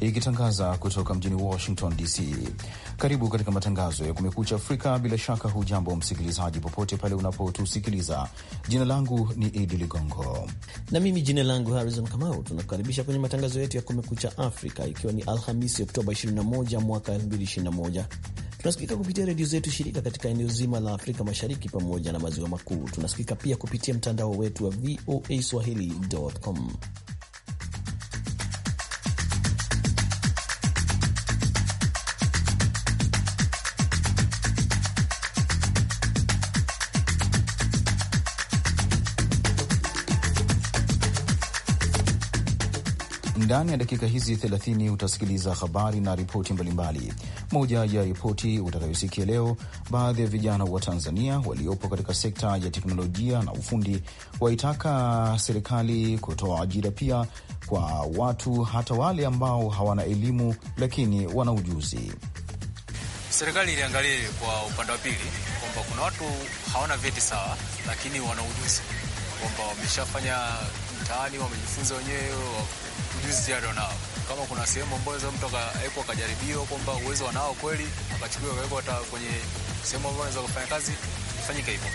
ikitangaza kutoka mjini Washington DC. Karibu katika matangazo ya Kumekucha Afrika. Bila shaka, hujambo msikilizaji, popote pale unapotusikiliza. Jina langu ni Idi Ligongo na mimi jina langu Harrison Kamau. Tunakukaribisha kwenye matangazo yetu ya Kumekucha Afrika, ikiwa ni Alhamisi Oktoba 21 mwaka 2021. Tunasikika kupitia redio zetu shirika katika eneo zima la Afrika Mashariki pamoja na maziwa makuu. Tunasikika pia kupitia mtandao wetu wa voa swahili.com. Ndani ya dakika hizi 30 utasikiliza habari na ripoti mbalimbali. Moja ya ripoti utakayosikia leo, baadhi ya vijana wa Tanzania waliopo katika sekta ya teknolojia na ufundi waitaka serikali kutoa ajira pia kwa watu hata wale ambao hawana elimu lakini wana ujuzi. Serikali iliangalie kwa upande wa pili kwamba kuna watu hawana vyeti sawa, lakini wana ujuzi kwamba wameshafanya mtaani, wamejifunza wenyewe ujuzi nao Kama kuna sehemu ambayo za mtu akawekwa akajaribio kwamba uwezo wanao kweli, akachukuliwa akawekwa hata kwenye sehemu ambayo anaweza kufanya kazi, ifanyike hivyo.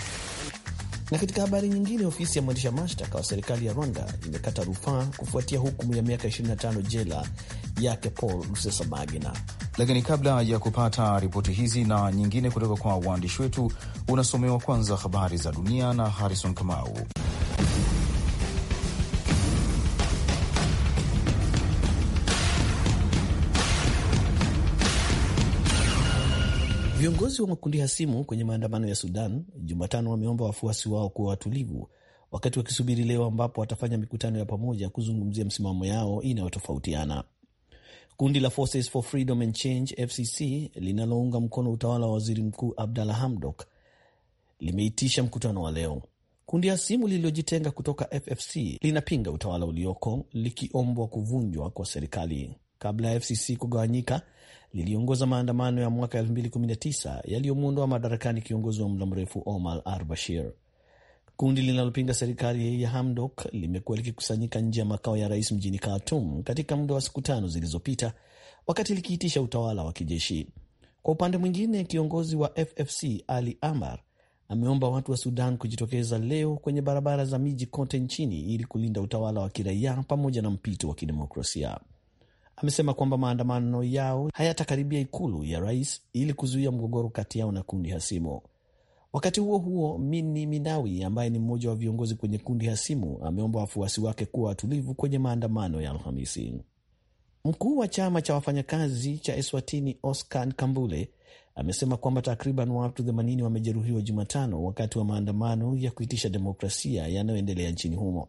Na katika habari nyingine, ofisi ya mwendesha mashtaka wa serikali ya Rwanda imekata rufaa kufuatia hukumu ya miaka 25 jela yake Paul Rusesabagina. Lakini kabla ya kupata ripoti hizi na nyingine kutoka kwa waandishi wetu, unasomewa kwanza habari za dunia na Harrison Kamau. Viongozi wa makundi hasimu kwenye maandamano ya Sudan Jumatano wameomba wafuasi wao kuwa watulivu wakati wakisubiri leo ambapo watafanya mikutano ya pamoja kuzungumzia msimamo yao inayotofautiana. Kundi la Forces for Freedom and Change FCC linalounga mkono utawala wa waziri mkuu Abdalla Hamdok limeitisha mkutano wa leo. Kundi hasimu lililojitenga kutoka FFC linapinga utawala ulioko likiombwa kuvunjwa kwa serikali. Kabla ya FCC kugawanyika, liliongoza maandamano ya mwaka 2019 yaliyomwondoa madarakani kiongozi wa muda mrefu Omar al-Bashir. Kundi linalopinga serikali ya Hamdok limekuwa likikusanyika nje ya makao ya rais mjini khartum katika muda wa siku tano zilizopita, wakati likiitisha utawala wa kijeshi. Kwa upande mwingine, kiongozi wa FFC Ali Amar ameomba watu wa Sudan kujitokeza leo kwenye barabara za miji kote nchini ili kulinda utawala wa kiraia pamoja na mpito wa kidemokrasia amesema kwamba maandamano yao hayatakaribia ikulu ya rais ili kuzuia mgogoro kati yao na kundi hasimu. Wakati huo huo, Mini Minawi ambaye ni mmoja wa viongozi kwenye kundi hasimu ameomba wafuasi wake kuwa watulivu kwenye maandamano ya Alhamisi. Mkuu wa chama cha wafanyakazi cha Eswatini Oscar Kambule amesema kwamba takriban watu 80 wamejeruhiwa Jumatano wakati wa maandamano ya kuitisha demokrasia yanayoendelea nchini humo.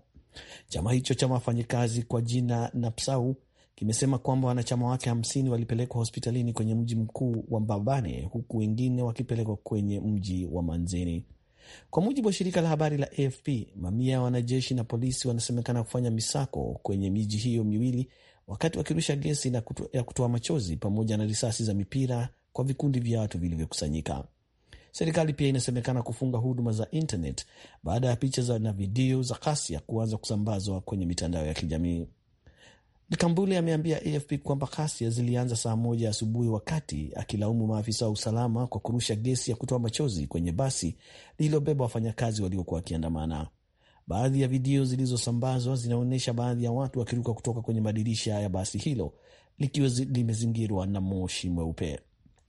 Chama hicho cha wafanyakazi kwa jina Napsau kimesema kwamba wanachama wake hamsini walipelekwa hospitalini kwenye mji mkuu wa Mbabane huku wengine wakipelekwa kwenye mji wa Manzini. Kwa mujibu wa shirika la habari la AFP, mamia ya wanajeshi na polisi wanasemekana kufanya misako kwenye miji hiyo miwili wakati wakirusha gesi na kutu, ya kutoa machozi pamoja na risasi za mipira kwa vikundi vya watu vilivyokusanyika. Serikali pia inasemekana kufunga huduma za internet baada ya picha na video za ghasia kuanza kusambazwa kwenye mitandao ya kijamii kambule ameambia AFP kwamba ghasia zilianza saa moja asubuhi, wakati akilaumu maafisa wa usalama kwa kurusha gesi ya kutoa machozi kwenye basi lililobeba wafanyakazi waliokuwa wakiandamana. Baadhi ya video zilizosambazwa zinaonyesha baadhi ya watu wakiruka kutoka kwenye madirisha ya basi hilo likiwa limezingirwa na moshi mweupe.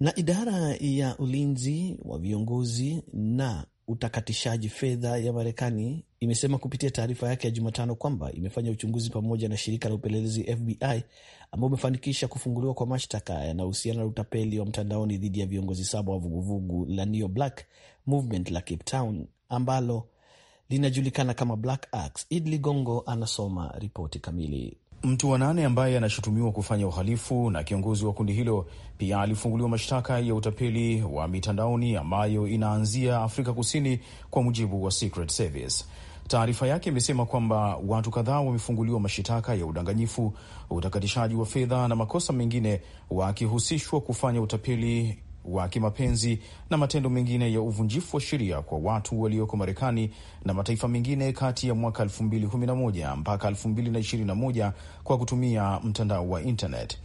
Na idara ya ulinzi wa viongozi na utakatishaji fedha ya Marekani imesema kupitia taarifa yake ya Jumatano kwamba imefanya uchunguzi pamoja na shirika la upelelezi FBI ambao umefanikisha kufunguliwa kwa mashtaka yanayohusiana na utapeli wa mtandaoni dhidi ya viongozi saba wa vuguvugu la Neo Black Movement la Cape Town ambalo linajulikana kama Black Axe. Idli Gongo anasoma ripoti kamili. Mtu wa nane ambaye anashutumiwa kufanya uhalifu na kiongozi wa kundi hilo pia alifunguliwa mashtaka ya utapeli wa mitandaoni ambayo inaanzia Afrika Kusini, kwa mujibu wa Secret Service. Taarifa yake imesema kwamba watu kadhaa wamefunguliwa mashitaka ya udanganyifu, utakatishaji wa fedha na makosa mengine, wakihusishwa kufanya utapeli wa kimapenzi na matendo mengine ya uvunjifu wa sheria kwa watu walioko Marekani na mataifa mengine kati ya mwaka 2011 mpaka 2021 kwa kutumia mtandao wa internet.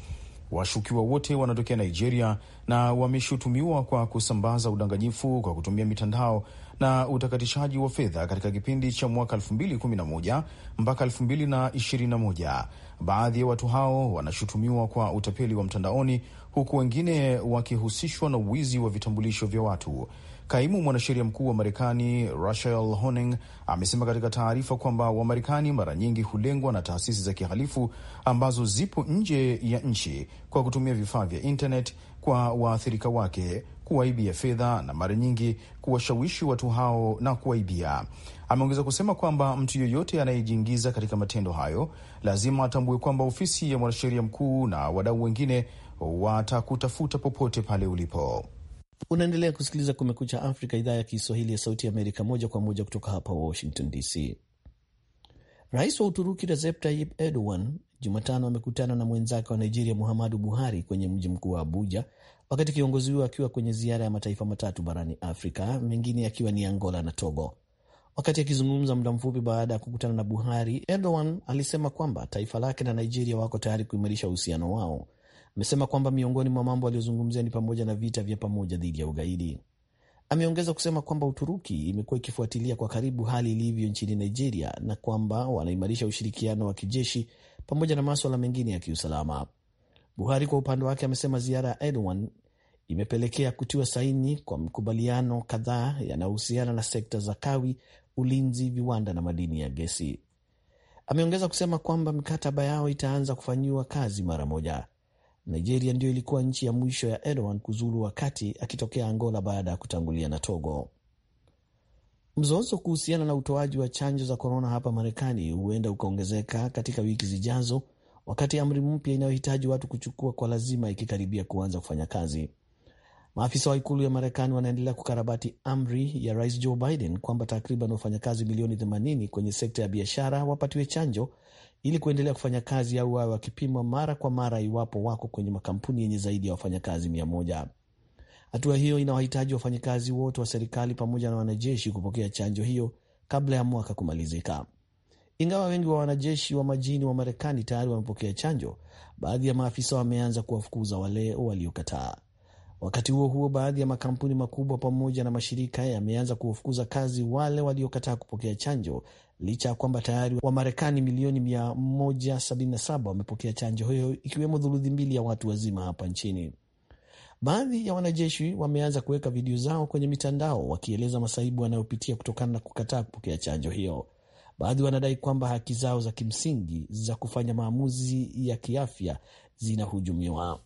Washukiwa wote wanatokea Nigeria na wameshutumiwa kwa kusambaza udanganyifu kwa kutumia mitandao na utakatishaji wa fedha katika kipindi cha mwaka 2011 mpaka 2021. Baadhi ya watu hao wanashutumiwa kwa utapeli wa mtandaoni huku wengine wakihusishwa na uwizi wa vitambulisho vya watu. Kaimu mwanasheria mkuu wa Marekani Rachel Honing amesema katika taarifa kwamba Wamarekani mara nyingi hulengwa na taasisi za kihalifu ambazo zipo nje ya nchi kwa kutumia vifaa vya internet kwa waathirika wake kuwaibia fedha na mara nyingi kuwashawishi watu hao na kuwaibia. Ameongeza kusema kwamba mtu yeyote anayejiingiza katika matendo hayo lazima atambue kwamba ofisi ya mwanasheria mkuu na wadau wengine watakutafuta popote pale ulipo. Unaendelea kusikiliza Kumekucha Afrika, idhaa ya Kiswahili ya Sauti ya Amerika, moja kwa moja kutoka hapa Washington DC. Rais wa Uturuki Recep Tayyip Erdogan Jumatano amekutana na mwenzake wa Nigeria Muhammadu Buhari kwenye mji mkuu wa Abuja, wakati kiongozi huyo akiwa kwenye ziara ya mataifa matatu barani Afrika, mengine yakiwa ni Angola na Togo. Wakati akizungumza muda mfupi baada ya kukutana na Buhari, Erdogan alisema kwamba taifa lake na Nigeria wako tayari kuimarisha uhusiano wao. Amesema kwamba miongoni mwa mambo aliyozungumzia ni pamoja na vita vya pamoja dhidi ya ugaidi. Ameongeza kusema kwamba Uturuki imekuwa ikifuatilia kwa karibu hali ilivyo nchini Nigeria na kwamba wanaimarisha ushirikiano wa kijeshi pamoja na maswala mengine ya kiusalama. Buhari kwa upande wake amesema ziara ya Erdogan imepelekea kutiwa saini kwa makubaliano kadhaa yanayohusiana na sekta za kawi, ulinzi, viwanda na madini ya gesi. Ameongeza kusema kwamba mikataba yao itaanza kufanyiwa kazi mara moja. Nigeria ndiyo ilikuwa nchi ya mwisho ya Erdogan kuzuru wakati akitokea Angola baada ya kutangulia na Togo. Mzozo kuhusiana na utoaji wa chanjo za korona hapa Marekani huenda ukaongezeka katika wiki zijazo, wakati amri mpya inayohitaji watu kuchukua kwa lazima ikikaribia kuanza kufanya kazi. Maafisa wa ikulu ya Marekani wanaendelea kukarabati amri ya rais Joe Biden kwamba takriban wafanyakazi milioni 80 kwenye sekta ya biashara wapatiwe chanjo ili kuendelea kufanya kazi au wawe wakipimwa mara kwa mara iwapo wako kwenye makampuni yenye zaidi ya wafanyakazi mia moja. Hatua hiyo inawahitaji wafanyakazi wote wa serikali pamoja na wanajeshi kupokea chanjo hiyo kabla ya mwaka kumalizika. Ingawa wengi wa wanajeshi wa majini wa Marekani tayari wamepokea chanjo, baadhi ya maafisa wameanza kuwafukuza wale waliokataa. Wakati huo huo, baadhi ya makampuni makubwa pamoja na mashirika yameanza kuwafukuza kazi wale waliokataa kupokea chanjo, licha ya kwamba tayari Wamarekani milioni 177 wamepokea chanjo hiyo, ikiwemo thuluthi mbili ya watu wazima hapa nchini. Baadhi ya wanajeshi wameanza kuweka video zao kwenye mitandao wakieleza masaibu wanayopitia kutokana na kukataa kupokea chanjo hiyo. Baadhi wanadai kwamba haki zao za kimsingi za kufanya maamuzi ya kiafya zinahujumiwa.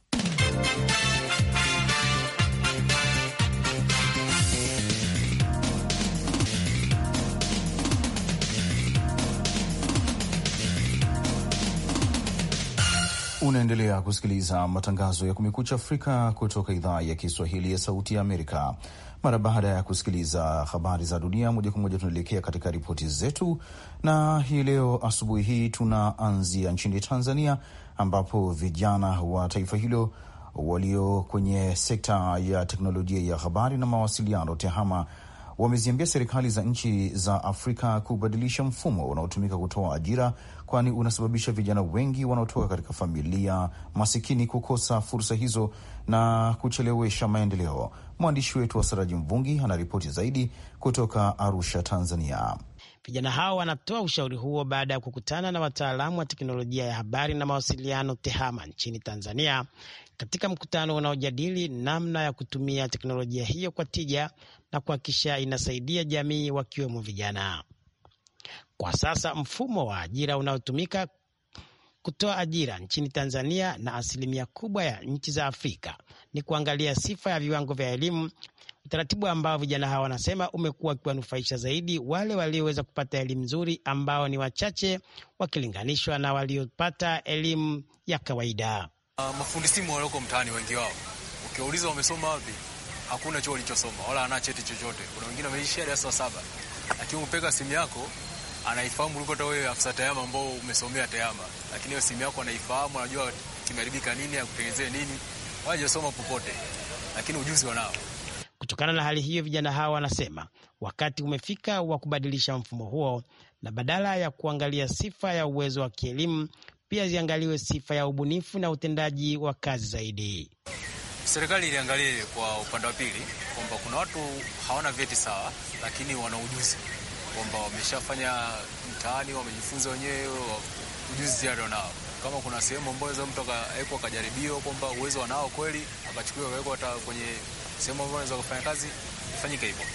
Unaendelea kusikiliza matangazo ya Kumekucha Afrika kutoka idhaa ya Kiswahili ya Sauti ya Amerika. Mara baada ya kusikiliza habari za dunia moja kwa moja, tunaelekea katika ripoti zetu, na hii leo asubuhi hii tunaanzia nchini Tanzania, ambapo vijana wa taifa hilo walio kwenye sekta ya teknolojia ya habari na mawasiliano TEHAMA wameziambia serikali za nchi za Afrika kubadilisha mfumo unaotumika kutoa ajira, kwani unasababisha vijana wengi wanaotoka katika familia masikini kukosa fursa hizo na kuchelewesha maendeleo. Mwandishi wetu wa Saraji Mvungi anaripoti zaidi kutoka Arusha, Tanzania. Vijana hao wanatoa ushauri huo baada ya kukutana na wataalamu wa teknolojia ya habari na mawasiliano TEHAMA nchini Tanzania katika mkutano unaojadili namna ya kutumia teknolojia hiyo kwa tija na kuhakikisha inasaidia jamii wakiwemo vijana. Kwa sasa mfumo wa ajira unaotumika kutoa ajira nchini Tanzania na asilimia kubwa ya nchi za Afrika ni kuangalia sifa ya viwango vya elimu utaratibu ambao vijana hawa wanasema umekuwa ukiwanufaisha zaidi wale walioweza kupata elimu nzuri ambao ni wachache wakilinganishwa na waliopata elimu ya kawaida. Uh, mafundi simu walioko mtaani wengi wao ukiwauliza wamesoma wapi, hakuna chuo walichosoma wala ana cheti chochote. Kuna wengine wameishia darasa saba, lakini upeka simu yako anaifahamu kuliko hata wewe afisa tayama ambao umesomea tayama, lakini hiyo simu yako anaifahamu, anajua kimeharibika nini, akutengenezee nini. Wajasoma popote, lakini ujuzi wanao. Kutokana na hali hiyo, vijana hawa wanasema wakati umefika wa kubadilisha mfumo huo, na badala ya kuangalia sifa ya uwezo wa kielimu, pia ziangaliwe sifa ya ubunifu na utendaji wa kazi zaidi. Serikali iliangalie kwa upande wa pili kwamba kuna watu hawana vyeti sawa, lakini wana ujuzi kwamba wameshafanya mtaani, wamejifunza wenyewe, ujuzi ziada wanao. Kama kuna sehemu ambayo mtu akawekwa akajaribiwa kwamba uwezo wanao kweli, akachukuliwa akawekwa hata kwenye sehemu ambayo unaweza kufanya kazi ifanyike hivyo.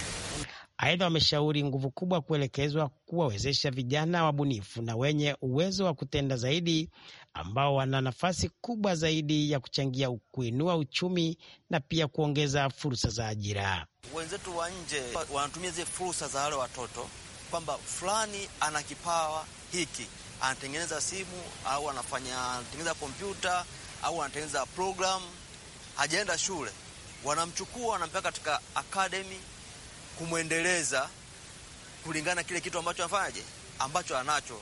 Aidha, wameshauri nguvu kubwa kuelekezwa kuwawezesha vijana wabunifu na wenye uwezo wa kutenda zaidi ambao wana nafasi kubwa zaidi ya kuchangia kuinua uchumi na pia kuongeza fursa za ajira. Wenzetu wa nje wanatumia zile fursa za wale watoto, kwamba fulani ana kipawa hiki, anatengeneza simu au anafanya anatengeneza kompyuta au anatengeneza programu, hajaenda shule wanamchukua wanampeka katika academy kumwendeleza kulingana kile kitu ambacho afanyaje ambacho anacho.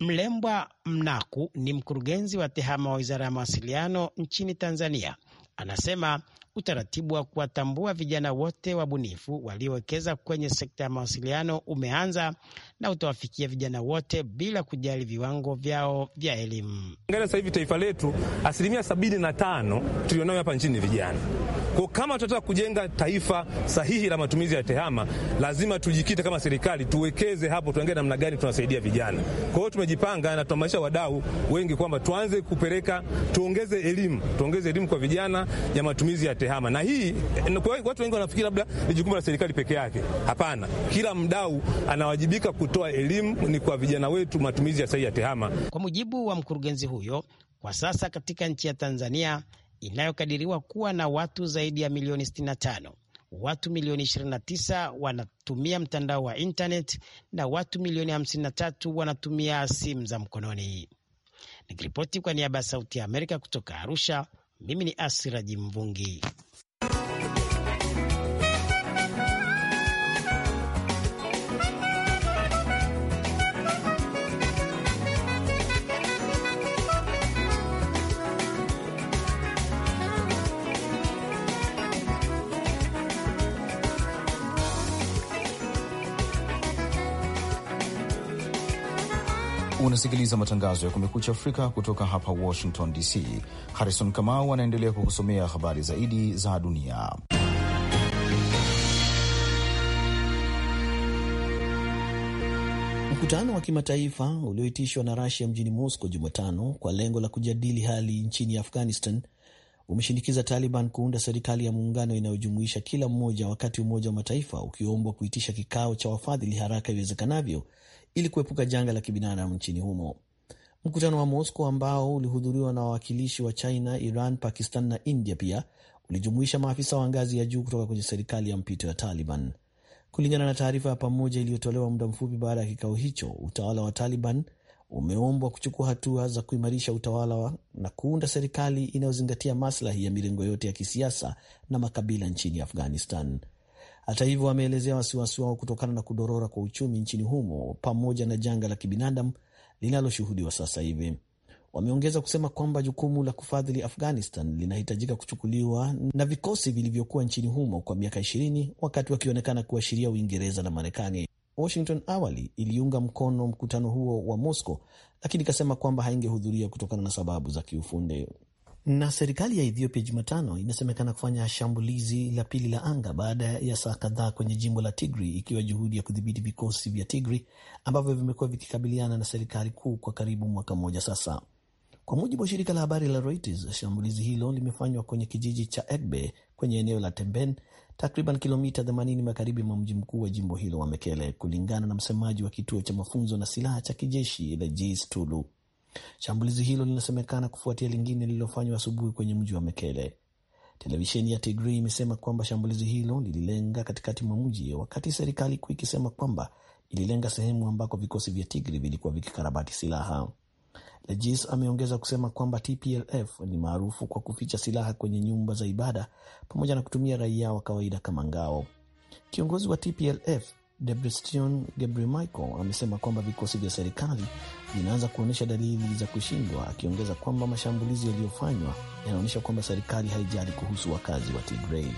Mlembwa Mnaku ni mkurugenzi wa TEHAMA wa Wizara ya Mawasiliano nchini Tanzania. Anasema utaratibu wa kuwatambua vijana wote wabunifu waliowekeza kwenye sekta ya mawasiliano umeanza na utawafikia vijana wote bila kujali viwango vyao vya elimu. Angalia sasa hivi taifa letu, asilimia sabini na tano tulionayo hapa nchini vijana kwa kama tunataka kujenga taifa sahihi la matumizi ya tehama, lazima tujikite kama serikali, tuwekeze hapo, tuangalie namna gani tunasaidia vijana. Kwa hiyo tumejipanga na tunahamasisha wadau wengi kwamba tuanze kupeleka, tuongeze elimu, tuongeze elimu kwa vijana ya matumizi ya tehama. Na hii kwa watu wengi wanafikiri labda ni jukumu la serikali peke yake. Hapana, kila mdau anawajibika kutoa elimu ni kwa vijana wetu matumizi ya sahihi ya tehama. Kwa mujibu wa mkurugenzi huyo, kwa sasa katika nchi ya Tanzania inayokadiriwa kuwa na watu zaidi ya milioni 65. Watu milioni 29 wanatumia mtandao wa internet na watu milioni 53 wanatumia simu za mkononi. Nikiripoti kwa niaba ya Sauti ya Amerika kutoka Arusha, mimi ni Asiraji Mvungi. Unasikiliza matangazo ya Kumekucha Afrika kutoka hapa Washington DC. Harrison Kamau anaendelea kukusomea habari zaidi za dunia. Mkutano wa kimataifa ulioitishwa na Rasia mjini Moscow Jumatano kwa lengo la kujadili hali nchini Afghanistan umeshinikiza Taliban kuunda serikali ya muungano inayojumuisha kila mmoja, wakati Umoja wa Mataifa ukiombwa kuitisha kikao cha wafadhili haraka iwezekanavyo ili kuepuka janga la kibinadamu nchini humo. Mkutano wa Moscow ambao ulihudhuriwa na wawakilishi wa China, Iran, Pakistan na India pia ulijumuisha maafisa wa ngazi ya juu kutoka kwenye serikali ya mpito ya Taliban. Kulingana na taarifa ya pamoja iliyotolewa muda mfupi baada ya kikao hicho, utawala wa Taliban umeombwa kuchukua hatua za kuimarisha utawala wa na kuunda serikali inayozingatia maslahi ya mirengo yote ya kisiasa na makabila nchini Afghanistan. Hata hivyo, ameelezea wasiwasi wao kutokana na kudorora kwa uchumi nchini humo pamoja na janga la kibinadamu linaloshuhudiwa sasa hivi. Wameongeza kusema kwamba jukumu la kufadhili Afghanistan linahitajika kuchukuliwa na vikosi vilivyokuwa nchini humo kwa miaka ishirini, wakati wakionekana kuashiria Uingereza na Marekani. Washington awali iliunga mkono mkutano huo wa Moscow, lakini ikasema kwamba haingehudhuria kutokana na sababu za kiufundi. Na serikali ya Ethiopia Jumatano inasemekana kufanya shambulizi la pili la anga baada ya saa kadhaa kwenye jimbo la Tigri, ikiwa juhudi ya kudhibiti vikosi vya Tigri ambavyo vimekuwa vikikabiliana na serikali kuu kwa karibu mwaka mmoja sasa. Kwa mujibu wa shirika la habari la Reuters, shambulizi hilo limefanywa kwenye kijiji cha Egbe kwenye eneo la Temben, takriban kilomita 80 magharibi mwa mji mkuu wa jimbo hilo wa Mekele, kulingana na msemaji wa kituo cha mafunzo na silaha cha kijeshi la Jis Tulu. Shambulizi hilo linasemekana kufuatia lingine lililofanywa asubuhi kwenye mji wa Mekele. Televisheni ya Tigray imesema kwamba shambulizi hilo lililenga katikati mwa mji, wakati serikali kuu ikisema kwamba ililenga sehemu ambako vikosi vya Tigray vilikuwa vikikarabati silaha. Legis ameongeza kusema kwamba TPLF ni maarufu kwa kuficha silaha kwenye nyumba za ibada pamoja na kutumia raia wa kawaida kama ngao. Kiongozi wa TPLF Gabriel michael amesema kwamba vikosi vya serikali vinaanza kuonyesha dalili za kushindwa, akiongeza kwamba mashambulizi yaliyofanywa yanaonyesha kwamba serikali haijali kuhusu wakazi wa Tigrei.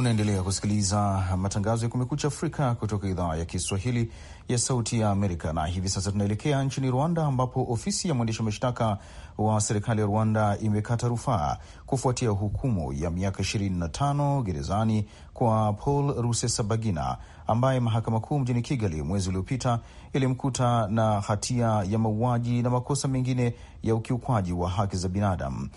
Unaendelea kusikiliza matangazo ya Kumekucha Afrika kutoka idhaa ya Kiswahili ya Sauti ya Amerika, na hivi sasa tunaelekea nchini Rwanda, ambapo ofisi ya mwendesha mashtaka wa serikali ya Rwanda imekata rufaa kufuatia hukumu ya miaka 25 gerezani kwa Paul Rusesabagina ambaye mahakama kuu mjini Kigali mwezi uliopita ilimkuta na hatia ya mauaji na makosa mengine ya ukiukwaji wa haki za binadamu.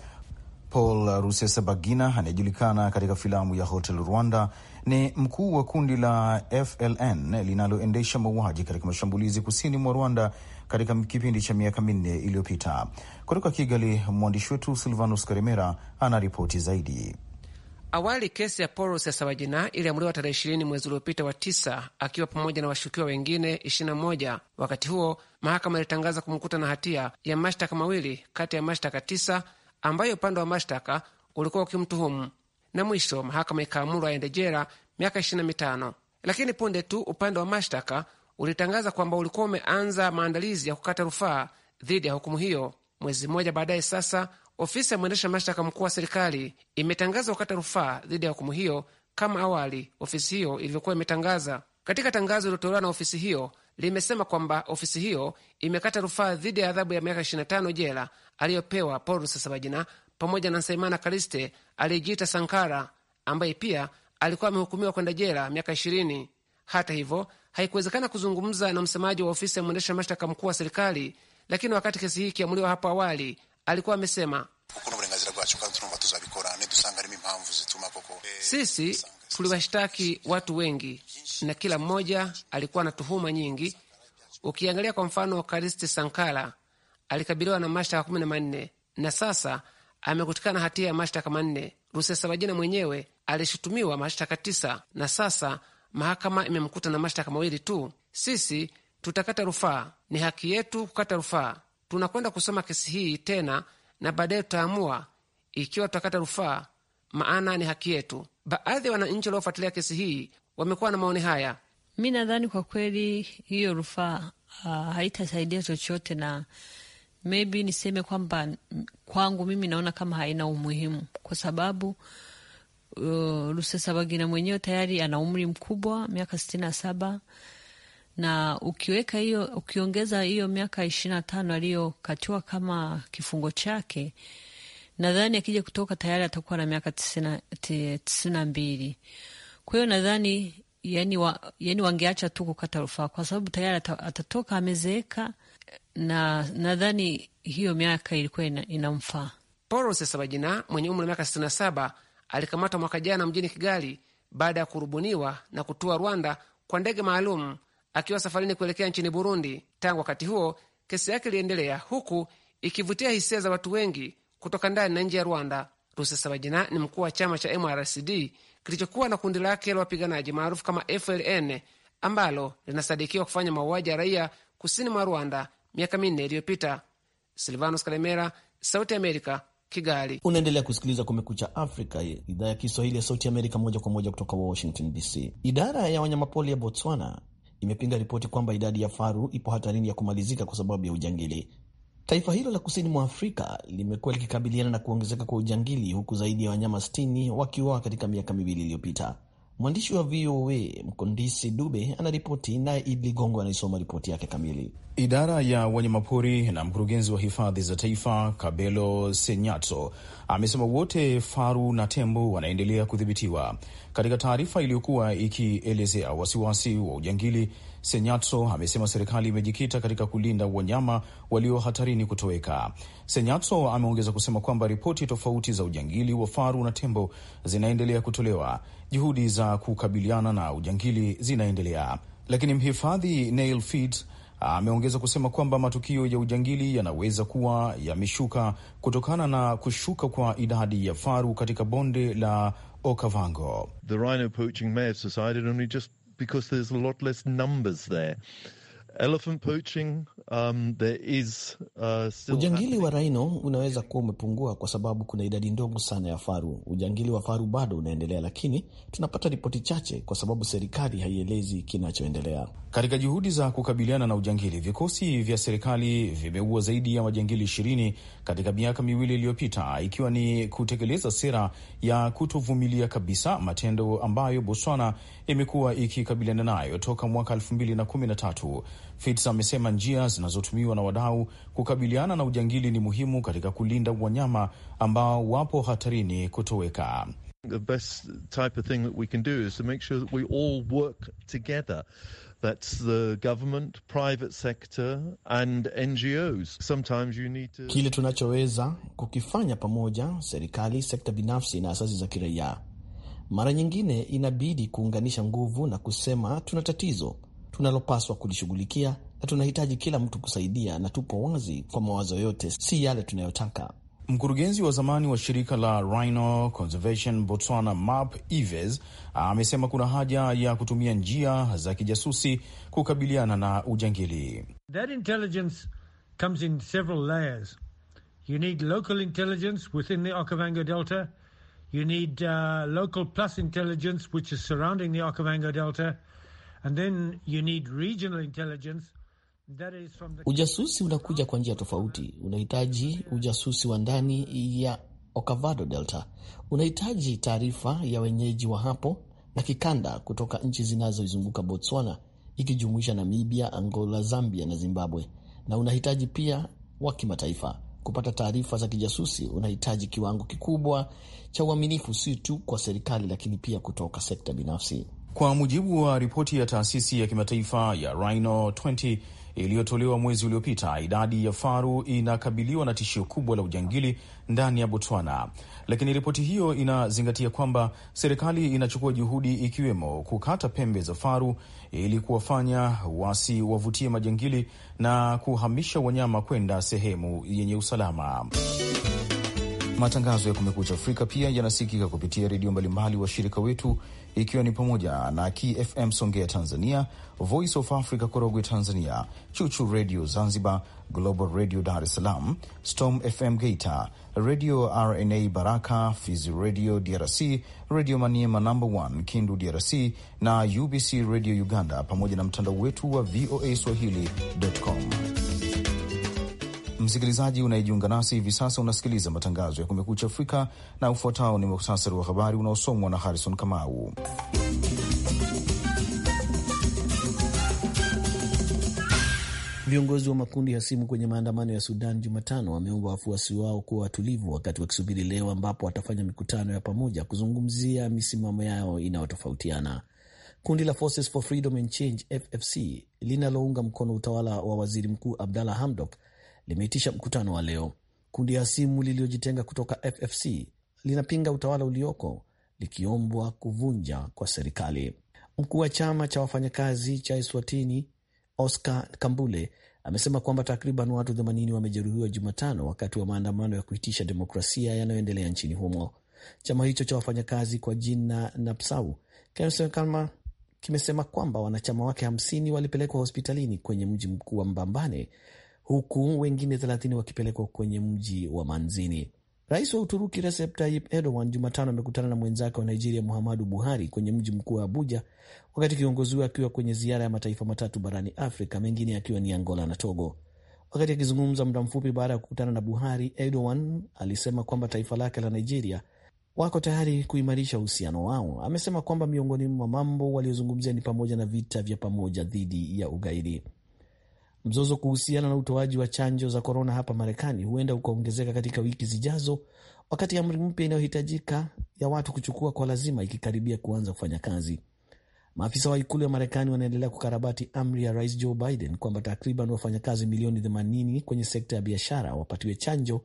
Paul Rusesabagina anayejulikana katika filamu ya Hotel Rwanda ni mkuu wa kundi la FLN linaloendesha mauaji katika mashambulizi kusini mwa Rwanda katika kipindi cha miaka minne iliyopita. Kutoka Kigali, mwandishi wetu Silvanus Karimera anaripoti zaidi. Awali kesi ya Paul Rusesabagina iliamuliwa tarehe ishirini mwezi uliopita wa tisa akiwa pamoja na washukiwa wengine 21. Wakati huo mahakama ilitangaza kumkuta na hatia ya mashtaka mawili kati ya mashtaka tisa ambayo upande wa mashtaka ulikuwa ukimtuhumu, na mwisho mahakama ikaamuru aende jela miaka ishirini na mitano. Lakini punde tu upande wa mashtaka ulitangaza kwamba ulikuwa umeanza maandalizi ya kukata rufaa dhidi ya hukumu hiyo. Mwezi mmoja baadaye sasa, ofisi ya mwendesha mashtaka mkuu wa serikali imetangaza kukata rufaa dhidi ya hukumu hiyo kama awali ofisi hiyo ilivyokuwa imetangaza. Katika tangazo iliyotolewa na ofisi hiyo limesema kwamba ofisi hiyo imekata rufaa dhidi ya adhabu ya miaka 25 jela aliyopewa Paul Rusesabagina pamoja na Nsaimana Kaliste aliyejiita Sankara, ambaye pia alikuwa amehukumiwa kwenda jela miaka 20. Hata hivyo, haikuwezekana kuzungumza na msemaji wa ofisi ya mwendesha mashtaka mkuu wa serikali, lakini wakati kesi hii ikiamuliwa hapo awali alikuwa amesema sisi tuliwashtaki watu wengi na kila mmoja alikuwa na tuhuma nyingi. Ukiangalia kwa mfano, Karisti Sankara alikabiliwa na mashtaka kumi na manne na sasa amekutikana hatia ya mashtaka manne. Rusesabagina mwenyewe alishutumiwa mashtaka tisa na sasa mahakama imemkuta na mashtaka mawili tu. Sisi tutakata rufaa, ni haki yetu kukata rufaa. Tunakwenda kusoma kesi hii tena na baadaye tutaamua ikiwa tutakata rufaa, maana ni haki yetu. Baadhi ya wananchi waliofuatilia kesi hii wamekuwa na maoni haya. Mi nadhani kwa kweli hiyo rufaa uh, haitasaidia chochote, na maybe niseme kwamba kwangu mimi naona kama haina umuhimu kwa sababu uh, Rusesabagina mwenyewe tayari ana umri mkubwa, miaka sitini na saba na ukiweka hiyo, ukiongeza hiyo miaka ishirini na tano aliyokatiwa kama kifungo chake, nadhani akija kutoka tayari atakuwa na miaka tisini na mbili. Kwa hiyo nadhani yani, wa, yani wangeacha tu kukata rufaa kwa sababu tayari atatoka amezeeka, na nadhani hiyo miaka ilikuwa inamfaa. Paul Rusesabagina mwenye umri wa miaka 67 alikamatwa mwaka jana mjini Kigali baada ya kurubuniwa na kutua Rwanda kwa ndege maalum akiwa safarini kuelekea nchini Burundi. Tangu wakati huo kesi yake iliendelea huku ikivutia hisia za watu wengi kutoka ndani na nje ya Rwanda. Rusesabagina ni mkuu wa chama cha MRCD kilichokuwa na kundi lake la wapiganaji maarufu kama FLN ambalo linasadikiwa kufanya mauaji ya raia kusini mwa Rwanda miaka minne iliyopita. Silvanus Kalemera, Sauti Amerika, Kigali. Unaendelea kusikiliza Kumekucha Afrika, idhaa ya Kiswahili ya Sauti Amerika, moja kwa moja kutoka Washington DC. Idara ya wanyamapori ya Botswana imepinga ripoti kwamba idadi ya faru ipo hatarini ya kumalizika kwa sababu ya ujangili. Taifa hilo la kusini mwa Afrika limekuwa likikabiliana na kuongezeka kwa ujangili huku zaidi ya wanyama 60 wakiuawa katika miaka miwili iliyopita. Mwandishi wa VOA Mkondisi Dube anaripoti, naye id Ligongo anaisoma ripoti yake kamili. Idara ya wanyamapori na mkurugenzi wa hifadhi za taifa Kabelo Senyato amesema wote faru na tembo wanaendelea kudhibitiwa. Katika taarifa iliyokuwa ikielezea wasiwasi wa ujangili, Senyato amesema serikali imejikita katika kulinda wanyama walio hatarini kutoweka. Senyatso ameongeza kusema kwamba ripoti tofauti za ujangili wa faru na tembo zinaendelea kutolewa. Juhudi za kukabiliana na ujangili zinaendelea, lakini mhifadhi Neil Fitt ameongeza kusema kwamba matukio ya ujangili yanaweza kuwa yameshuka kutokana na kushuka kwa idadi ya faru katika bonde la Okavango. The rhino poaching may have subsided and we just because there's a lot less numbers there. Elephant poaching, um, there is, uh, still ujangili wa rhino unaweza kuwa umepungua kwa sababu kuna idadi ndogo sana ya faru. Ujangili wa faru bado unaendelea, lakini tunapata ripoti chache kwa sababu serikali haielezi kinachoendelea. Katika juhudi za kukabiliana na ujangili, vikosi vya serikali vimeua zaidi ya majangili ishirini katika miaka miwili iliyopita, ikiwa ni kutekeleza sera ya kutovumilia kabisa, matendo ambayo Botswana imekuwa ikikabiliana nayo toka mwaka elfu mbili na kumi na tatu. Fitz amesema njia zinazotumiwa na wadau kukabiliana na ujangili ni muhimu katika kulinda wanyama ambao wapo hatarini kutoweka. Kile tunachoweza kukifanya pamoja, serikali, sekta binafsi na asasi za kiraia. Mara nyingine inabidi kuunganisha nguvu na kusema tuna tatizo tunalopaswa kulishughulikia na tunahitaji kila mtu kusaidia, na tupo wazi kwa mawazo yote, si yale tunayotaka. Mkurugenzi wa zamani wa shirika la Rhino Conservation Botswana MAP Ives amesema kuna haja ya kutumia njia za kijasusi kukabiliana na ujangili. That intelligence comes in several layers. You need local intelligence within the Okavango Delta. You need uh, local plus intelligence which is surrounding the Okavango Delta. And then you need regional intelligence. The... Ujasusi unakuja kwa njia tofauti. Unahitaji ujasusi wa ndani ya Okavado Delta, unahitaji taarifa ya wenyeji wa hapo na kikanda kutoka nchi zinazoizunguka Botswana, ikijumuisha Namibia, Angola, Zambia na Zimbabwe, na unahitaji pia wa kimataifa. Kupata taarifa za kijasusi unahitaji kiwango kikubwa cha uaminifu, si tu kwa serikali, lakini pia kutoka sekta binafsi. Kwa mujibu wa ripoti ya taasisi ya kimataifa ya Rhino 20 iliyotolewa mwezi uliopita, idadi ya faru inakabiliwa na tishio kubwa la ujangili ndani ya Botswana, lakini ripoti hiyo inazingatia kwamba serikali inachukua juhudi, ikiwemo kukata pembe za faru ili kuwafanya wasiwavutie majangili na kuhamisha wanyama kwenda sehemu yenye usalama. Matangazo ya Kumekucha Afrika pia yanasikika kupitia redio mbalimbali washirika wetu, ikiwa ni pamoja na KFM Songea Tanzania, Voice of Africa Korogwe Tanzania, Chuchu Redio Zanzibar, Global Radio Dar es Salaam, Storm FM Geita, Redio RNA Baraka, Fizi Radio DRC, Redio Maniema Number 1 Kindu DRC na UBC Radio Uganda, pamoja na mtandao wetu wa VOA Swahili.com. Msikilizaji unayejiunga nasi hivi sasa, unasikiliza matangazo ya Kumekucha Afrika na ufuatao ni muhtasari wa habari unaosomwa na Harrison Kamau. Viongozi wa makundi hasimu kwenye maandamano ya Sudan Jumatano wameomba wafuasi wao kuwa watulivu wakati wakisubiri leo ambapo watafanya mikutano ya pamoja kuzungumzia misimamo yao inayotofautiana. Kundi la Forces for Freedom and Change, FFC, linalounga mkono utawala wa waziri mkuu Abdalla Hamdok limeitisha mkutano wa leo. Kundi hasimu lililojitenga kutoka FFC linapinga utawala ulioko likiombwa kuvunja kwa serikali. Mkuu wa chama cha wafanyakazi cha Eswatini Oscar Kambule amesema kwamba takriban watu 80 wamejeruhiwa Jumatano wakati wa maandamano ya kuitisha demokrasia yanayoendelea nchini humo. Chama hicho cha wafanyakazi kwa jina Napsau kama kimesema kwamba wanachama wake 50 walipelekwa hospitalini kwenye mji mkuu wa Mbambane huku wengine 30 wakipelekwa kwenye mji wa Manzini. Rais wa Uturuki Recep Tayyip Erdogan Jumatano amekutana na mwenzake wa Nigeria Muhammadu Buhari kwenye mji mkuu wa Abuja, wakati kiongozi huyo akiwa kwenye ziara ya mataifa matatu barani Afrika, mengine akiwa ni Angola na Togo. Wakati akizungumza muda mfupi baada ya kukutana na Buhari, Erdogan alisema kwamba taifa lake la Nigeria wako tayari kuimarisha uhusiano wao. Amesema kwamba miongoni mwa mambo waliozungumzia ni pamoja na vita vya pamoja dhidi ya ugaidi. Mzozo kuhusiana na utoaji wa chanjo za korona hapa Marekani huenda ukaongezeka katika wiki zijazo, wakati amri mpya inayohitajika ya watu kuchukua kwa lazima ikikaribia kuanza kufanya kazi. Maafisa wa ikulu ya Marekani wanaendelea kukarabati amri ya rais Joe Biden kwamba takriban wafanyakazi milioni 80 kwenye sekta ya biashara wapatiwe chanjo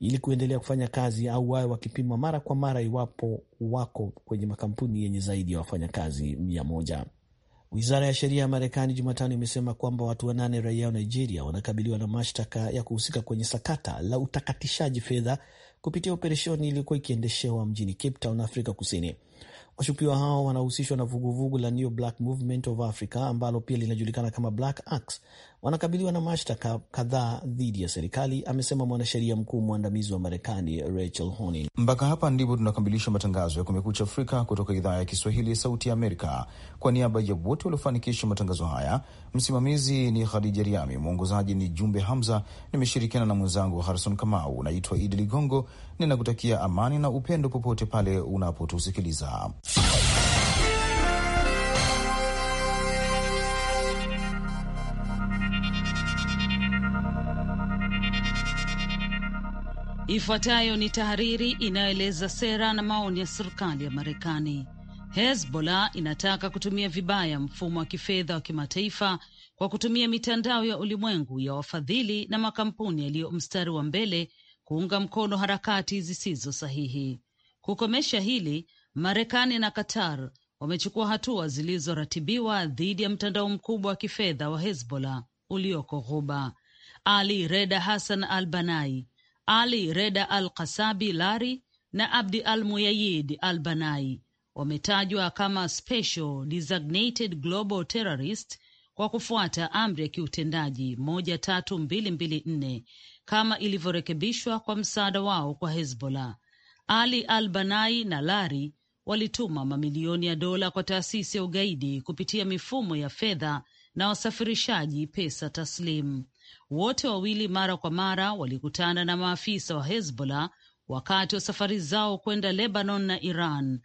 ili kuendelea kufanya kazi au wawe wakipimwa mara kwa mara iwapo wako kwenye makampuni yenye zaidi ya wafanyakazi mia moja. Wizara ya sheria ya Marekani Jumatano imesema kwamba watu wanane raia wa Nigeria wanakabiliwa na mashtaka ya kuhusika kwenye sakata la utakatishaji fedha kupitia operesheni iliyokuwa ikiendeshewa mjini Cape Town, Afrika Kusini. Washukiwa hao wanahusishwa na vuguvugu la New Black Movement of Africa ambalo pia linajulikana kama Black Axe wanakabiliwa na mashtaka kadhaa dhidi ya serikali, amesema mwanasheria mkuu mwandamizi wa Marekani Rachel Honing. Mpaka hapa ndipo tunakamilisha matangazo ya Kumekucha Afrika kutoka idhaa ya Kiswahili ya Sauti ya Amerika. Kwa niaba ya wote waliofanikisha matangazo haya, msimamizi ni Khadija Riami, mwongozaji ni Jumbe Hamza. Nimeshirikiana na mwenzangu Harison Kamau. Naitwa Idi Ligongo, ninakutakia amani na upendo popote pale unapotusikiliza. Ifuatayo ni tahariri inayoeleza sera na maoni ya serikali ya Marekani. Hezbollah inataka kutumia vibaya mfumo wa kifedha wa kimataifa kwa kutumia mitandao ya ulimwengu ya wafadhili na makampuni yaliyo mstari wa mbele kuunga mkono harakati zisizo sahihi. Kukomesha hili, Marekani na Qatar wamechukua hatua zilizoratibiwa dhidi ya mtandao mkubwa wa kifedha wa Hezbollah ulioko Ghuba. Ali Reda Hassan Banai, ali Reda Al Kasabi Lari na Abdi Al Muyayid Al Banai wametajwa kama special designated global terrorist kwa kufuata amri ya kiutendaji moja tatu mbili mbili nne kama ilivyorekebishwa kwa msaada wao kwa Hezbollah. Ali Al Banai na Lari walituma mamilioni ya dola kwa taasisi ya ugaidi kupitia mifumo ya fedha na wasafirishaji pesa taslimu. Wote wawili mara kwa mara walikutana na maafisa wa Hezbollah wakati wa safari zao kwenda Lebanon na Iran.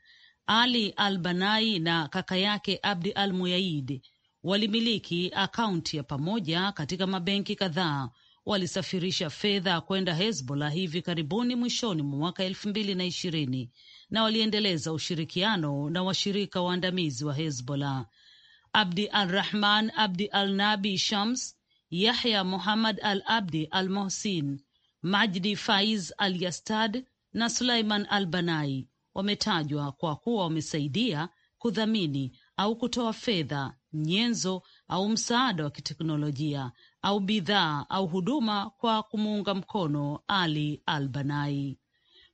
Ali al-Banai na kaka yake Abdi al-Muyaid walimiliki akaunti ya pamoja katika mabenki kadhaa. Walisafirisha fedha kwenda Hezbollah hivi karibuni mwishoni mwa mwaka elfu mbili na ishirini na waliendeleza ushirikiano na washirika waandamizi wa Hezbollah. Abdi al-Rahman Abdi al-Nabi Shams Yahya Muhammad Al Abdi Al Mohsin, Majdi Faiz Al Yastad na Suleiman Al Banai wametajwa kwa kuwa wamesaidia kudhamini au kutoa fedha, nyenzo au msaada wa kiteknolojia au bidhaa au huduma kwa kumuunga mkono Ali Al Banai.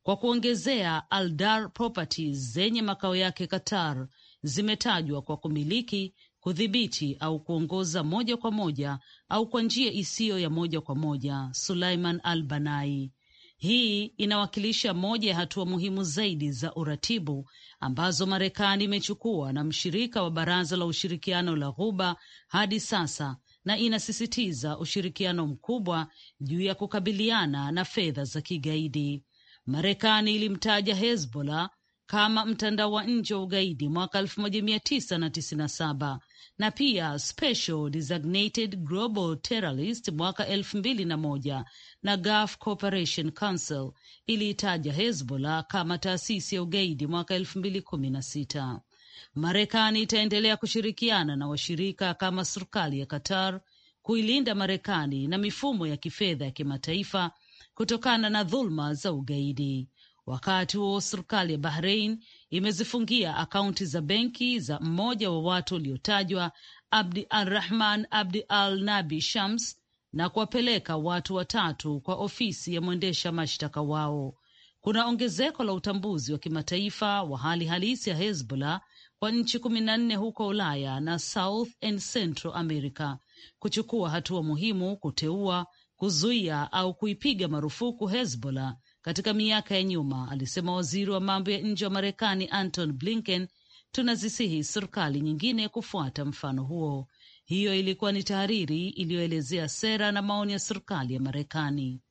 Kwa kuongezea, Aldar Properties zenye makao yake Qatar zimetajwa kwa kumiliki kudhibiti au kuongoza moja kwa moja au kwa njia isiyo ya moja kwa moja, Sulaiman al-Banai. Hii inawakilisha moja ya hatua muhimu zaidi za uratibu ambazo Marekani imechukua na mshirika wa Baraza la Ushirikiano la Ghuba hadi sasa, na inasisitiza ushirikiano mkubwa juu ya kukabiliana na fedha za kigaidi. Marekani ilimtaja Hezbollah kama mtandao wa nje wa ugaidi mwaka 1997 na pia Special Designated Global Terrorist mwaka elfu mbili na moja na Gulf Cooperation Council iliitaja Hezbollah kama taasisi ya ugaidi mwaka elfu mbili kumi na sita. Marekani itaendelea kushirikiana na washirika kama serikali ya Qatar kuilinda Marekani na mifumo ya kifedha ya kimataifa kutokana na dhuluma za ugaidi. Wakati huo serikali ya bahrein imezifungia akaunti za benki za mmoja wa watu waliotajwa Abdi Rahman Abdi Al Nabi Shams na kuwapeleka watu watatu kwa ofisi ya mwendesha mashtaka wao. Kuna ongezeko la utambuzi wa kimataifa wa hali halisi ya Hezbollah kwa nchi kumi na nne huko Ulaya na South and Central America kuchukua hatua muhimu kuteua, kuzuia au kuipiga marufuku Hezbollah katika miaka ya nyuma, alisema waziri wa mambo ya nje wa Marekani Anton Blinken. Tunazisihi serikali nyingine kufuata mfano huo. Hiyo ilikuwa ni tahariri iliyoelezea sera na maoni ya serikali ya Marekani.